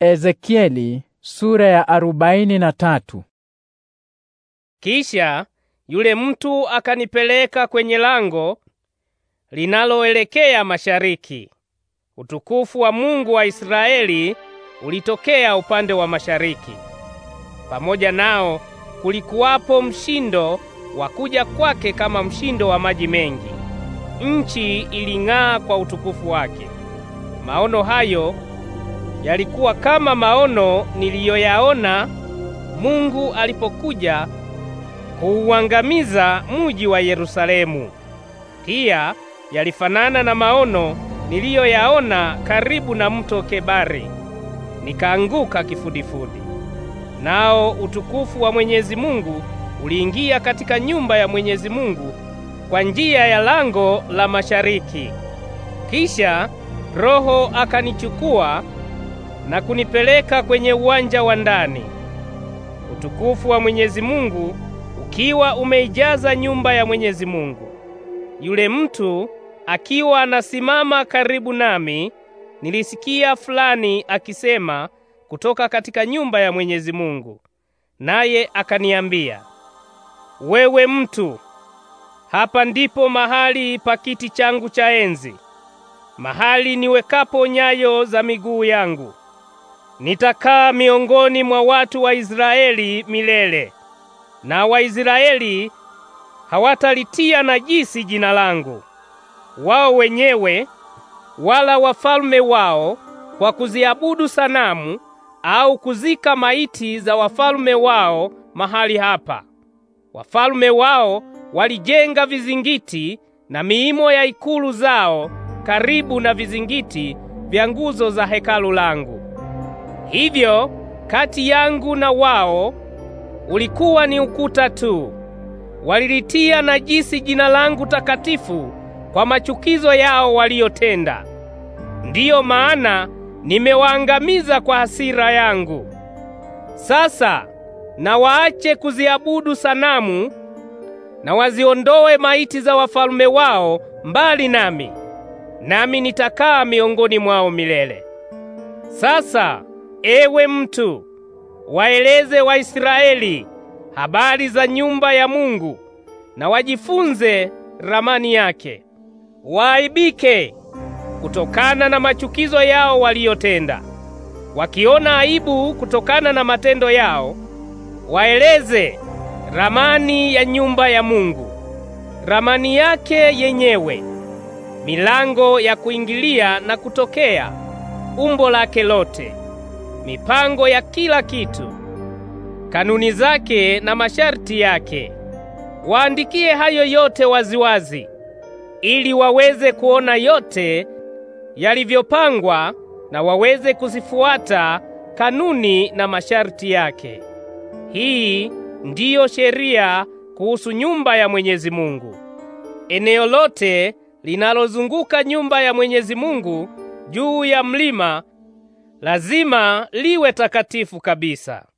Ezekieli sura ya arobaini na tatu. Kisha yule mtu akanipeleka kwenye lango linaloelekea mashariki. Utukufu wa Mungu wa Israeli ulitokea upande wa mashariki. Pamoja nao kulikuwapo mshindo wa kuja kwake kama mshindo wa maji mengi. Nchi iling'aa kwa utukufu wake. Maono hayo yalikuwa kama maono niliyoyaona Mungu alipokuja kuuangamiza muji wa Yerusalemu. Pia yalifanana na maono niliyoyaona karibu na mto Kebari, nikaanguka kifudifudi. Nao utukufu wa Mwenyezi Mungu uliingia katika nyumba ya Mwenyezi Mungu kwa njia ya lango la mashariki. Kisha Roho akanichukua na kunipeleka kwenye uwanja wa ndani, utukufu wa Mwenyezi Mungu ukiwa umeijaza nyumba ya Mwenyezi Mungu. Yule mtu akiwa anasimama karibu nami, nilisikia fulani akisema kutoka katika nyumba ya Mwenyezi Mungu, naye akaniambia, wewe mtu, hapa ndipo mahali pa kiti changu cha enzi, mahali niwekapo nyayo za miguu yangu. Nitakaa miongoni mwa watu wa Israeli milele, na Waisraeli hawatalitia najisi jina langu wao wenyewe wala wafalme wao kwa kuziabudu sanamu au kuzika maiti za wafalme wao mahali hapa. Wafalme wao walijenga vizingiti na miimo ya ikulu zao karibu na vizingiti vya nguzo za hekalu langu. Hivyo kati yangu na wao ulikuwa ni ukuta tu. Walilitia najisi jina langu takatifu kwa machukizo yao waliyotenda. Ndiyo maana nimewaangamiza kwa hasira yangu. Sasa na waache kuziabudu sanamu na waziondoe maiti za wafalme wao mbali nami, nami nitakaa miongoni mwao milele. Sasa Ewe mtu, waeleze Waisraeli habari za nyumba ya Mungu na wajifunze ramani yake, waaibike kutokana na machukizo yao waliyotenda. Wakiona aibu kutokana na matendo yao, waeleze ramani ya nyumba ya Mungu, ramani yake yenyewe, milango ya kuingilia na kutokea, umbo lake lote mipango ya kila kitu, kanuni zake na masharti yake. Waandikie hayo yote waziwazi, ili waweze kuona yote yalivyopangwa na waweze kuzifuata kanuni na masharti yake. Hii ndiyo sheria kuhusu nyumba ya Mwenyezi Mungu. Eneo lote linalozunguka nyumba ya Mwenyezi Mungu juu ya mlima lazima liwe takatifu kabisa.